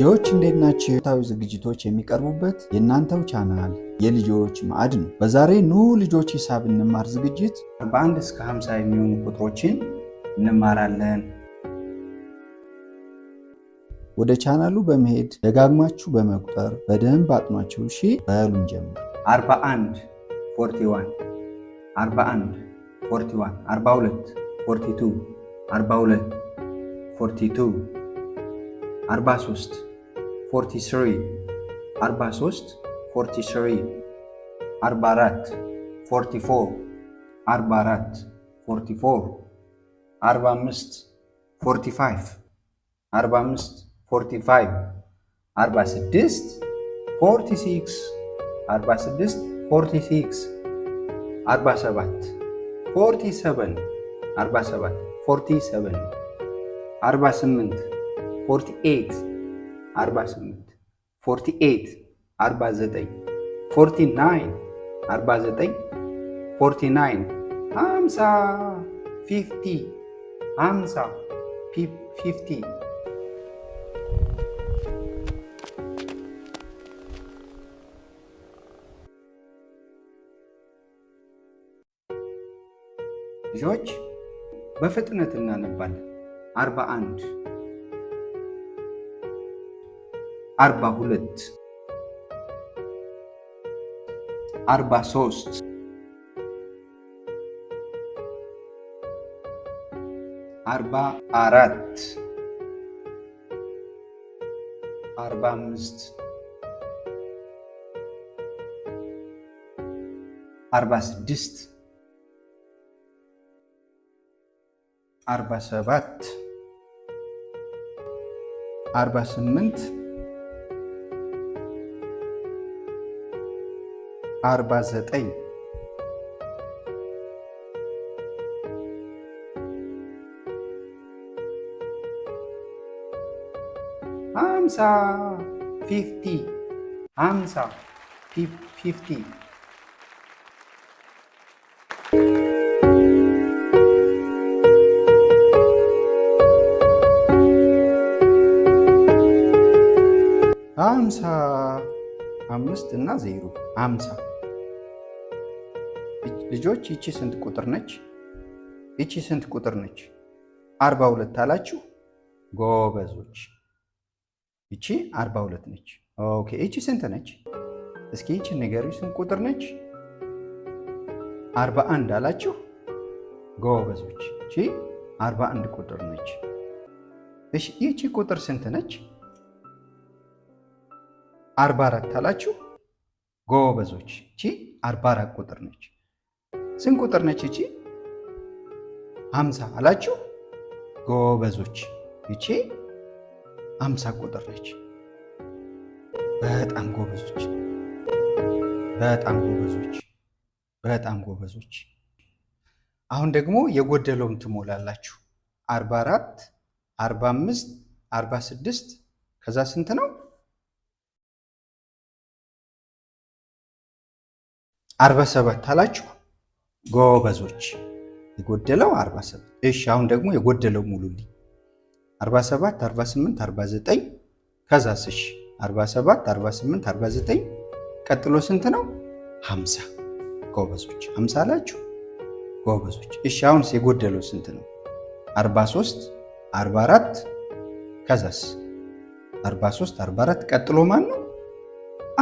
ልጆች እንዴት ናቸው? ታዊ ዝግጅቶች የሚቀርቡበት የእናንተው ቻናል የልጆች ማዕድ ነው። በዛሬ ኑ ልጆች ሂሳብ እንማር ዝግጅት 41 እስከ 50 የሚሆኑ ቁጥሮችን እንማራለን። ወደ ቻናሉ በመሄድ ደጋግማችሁ በመቁጠር በደንብ አጥኗቸው። እሺ በሉን ጀምር 41 41 41 41 42 42 42 42 43 ፎርቲስሪ 43 ፎርቲስሪ 44 ፎርቲፎር 44 ፎርቲፎር 45 ፎርቲፋይቭ 45 ፎርቲፋይቭ 46 ፎርቲሲክስ 46 ፎርቲሲክስ 47 47 47 47 48 48 48 48 49 49 49 49 50 50 50 50 ልጆች በፍጥነት እናነባለን። 41 አርባ ሁለት አርባ ሶስት አርባ አራት አርባ አምስት አርባ ስድስት አርባ ሰባት አርባ ስምንት 49 ሃምሳ ፊፍቲ ሃምሳ ፊፍቲ ሃምሳ አምስት እና ዜሮ ሃምሳ ልጆች ይቺ ስንት ቁጥር ነች? ይቺ ስንት ቁጥር ነች? አርባ ሁለት አላችሁ ጎበዞች። ይቺ አርባ ሁለት ነች። ኦኬ ይቺ ስንት ነች? እስኪ ይቺ ንገሪ፣ ስንት ቁጥር ነች? አርባ አንድ አላችሁ ጎበዞች። ይቺ አርባ አንድ ቁጥር ነች። እሺ ይቺ ቁጥር ስንት ነች? አርባ አራት አላችሁ ጎበዞች። ይቺ አርባ አራት ቁጥር ነች። ስንት ቁጥር ነች እቺ? አምሳ አላችሁ ጎበዞች። እቺ አምሳ ቁጥር ነች። በጣም ጎበዞች፣ በጣም ጎበዞች፣ በጣም ጎበዞች። አሁን ደግሞ የጎደለውን ትሞላላችሁ። አርባ አራት አርባ አምስት አርባ ስድስት ከዛ ስንት ነው? አርባ ሰባት አላችሁ ጎበዞች። የጎደለው 47። እሺ አሁን ደግሞ የጎደለው ሙሉልኝ 47 48 49 ከዛስ? እሺ 47 48 49 ቀጥሎ ስንት ነው? 50። ጎበዞች 50 አላችሁ ጎበዞች። እሺ አሁን የጎደለው ስንት ነው? 43 44 ከዛስ? 43 44 ቀጥሎ ማን ነው?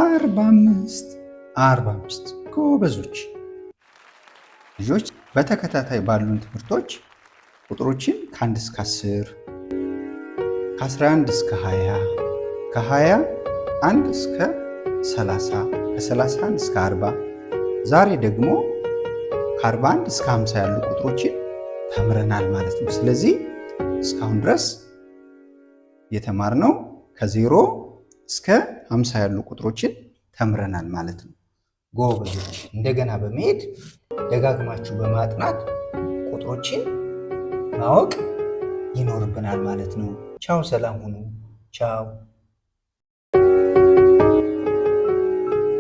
45 45 ጎበዞች ልጆች በተከታታይ ባሉን ትምህርቶች ቁጥሮችን ከ1 እስከ 10 ከ11 እስከ 20 ከ20 አንድ እስከ 30 ከ31 እስከ 40 ዛሬ ደግሞ ከ41 እስከ 50 ያሉ ቁጥሮችን ተምረናል ማለት ነው። ስለዚህ እስካሁን ድረስ የተማርነው ከዜሮ እስከ 50 ያሉ ቁጥሮችን ተምረናል ማለት ነው። ጎበዞች እንደገና በመሄድ ደጋግማችሁ በማጥናት ቁጥሮችን ማወቅ ይኖርብናል ማለት ነው። ቻው፣ ሰላም ሁኑ። ቻው